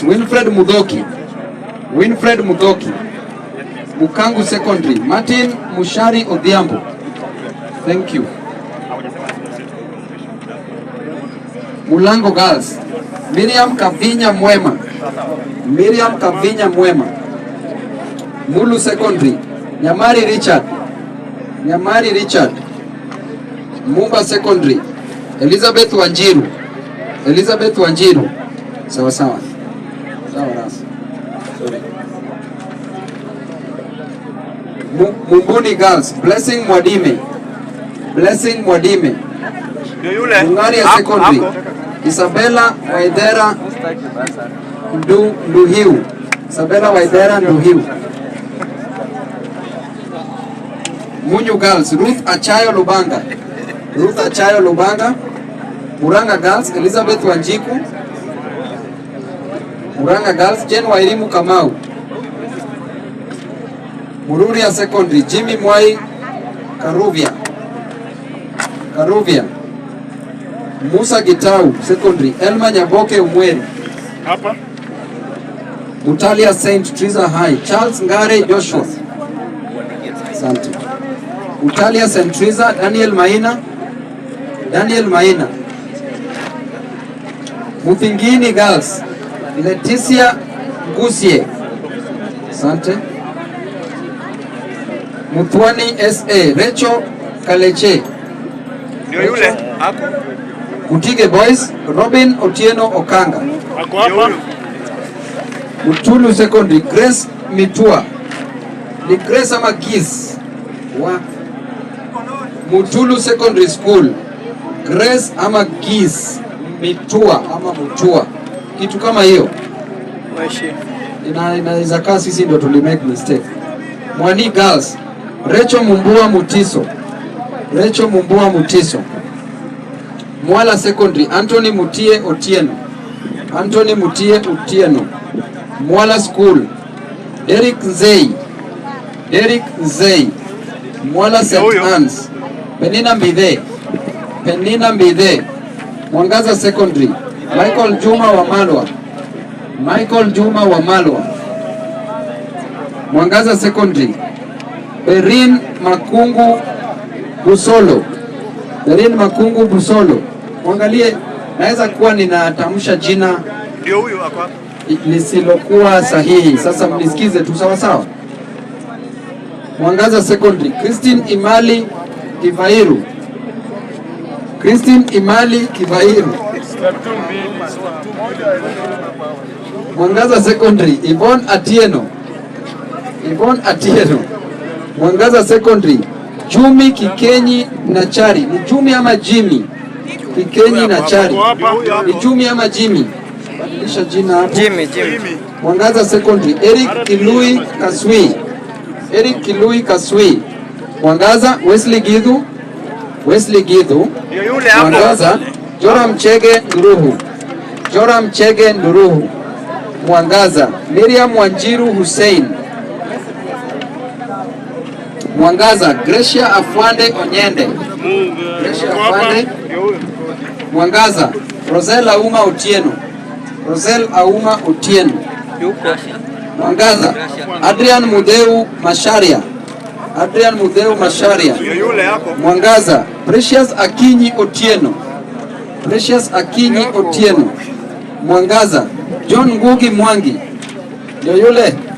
Rais Winfred Mudoki, Winfred Mudhoki, Bukangu Secondary, Martin Mushari Odhiambo. Thank you. Mulango Girls, Miriam Kavinya Mwema, Miriam Kavinya Mwema, Mulu Secondary, Nyamari Richard, Nyamari Richard, Mumba Secondary, Elizabeth Wanjiru, Elizabeth Wanjiru. Sawa sawa. Munguni Girls, Blessing Mwadime. Blessing Mwadime. Mungania Secondary. Isabella Waidera Ndu Nduhiu. Isabella Waidera Nduhiu. Munyu Girls, Ruth Achayo Lubanga. Ruth Achayo Lubanga. Muranga Girls, Elizabeth Wanjiku. Murang'a Girls, Jen Wairimu Kamau, Mururia Secondary, Jimmy Mwai Karuvia, Karuvia, Musa Gitau Secondary, Elma Nyaboke Umweri, hapa Mutalia Saint Teresa High, Charles Ngare Joshua, asante. Mutalia Saint Teresa, Daniel Maina, Daniel Maina, Muthingini Girls Leticia Gusie. asante. Mutwani SA, Recho Kaleche, ndio yule hapo. Kutige Boys, Robin Otieno Okanga, ako hapa. Mutulu Secondary, Grace Mitua, ni Grace ama Giz wa Mutulu Secondary School, Grace ama Giz Mitua ama Mutua kitu kama hiyo inaweza kaa, sisi ndio tuli make mistake. Mwani girls Recho Mumbua Mutiso, Recho Mumbua Mutiso, Mwala Secondary, Anthony Mutie Otieno, Anthony Mutie Otieno, Mwala School, Derek Nzei, Derek Nzei, Mwala St. Anne's, Penina Mbidhe, Penina Mbidhe, Mwangaza Secondary Michael Juma wa Malwa, Michael Juma wa Malwa, Mwangaza Secondary, Berin Makungu Busolo, Berin Makungu Busolo. Mwangalie, naweza kuwa ninatamsha jina ndio huyo hapa lisilokuwa sahihi, sasa mnisikize tu sawa sawa. Mwangaza Secondary, Christine Imali Kivairu, Christine Imali Kivairu Mwangaza Secondary, Yvonne Atieno. Yvonne Atieno. Mwangaza Secondary. Jumi Kikenyi na Chari. Ni Jumi ama Jimi? Kikenyi na Chari. Ni Jumi ama Jimi? Badilisha jina hapo. Jimi, Jimi. Mwangaza Secondary. Eric Kilui Kaswi. Eric Kilui Kaswi. Mwangaza Wesley Gidhu. Wesley Gidhu. Mwangaza Jora Mchege Nduruhu, Jora Mchege Nduruhu, Mwangaza. Miriam Wanjiru Hussein, Mwangaza. Gracia Afwande Onyende, Gracia Afwande, Mwangaza. Rosel Auma Otieno, Rosel Auma Otieno, Mwangaza. Adrian Mudeu Masharia, Adrian Mudeu Masharia, Mwangaza. Precious Akinyi Otieno Precious Akinyi Otieno, Mwangaza, John Ngugi Mwangi ndio yule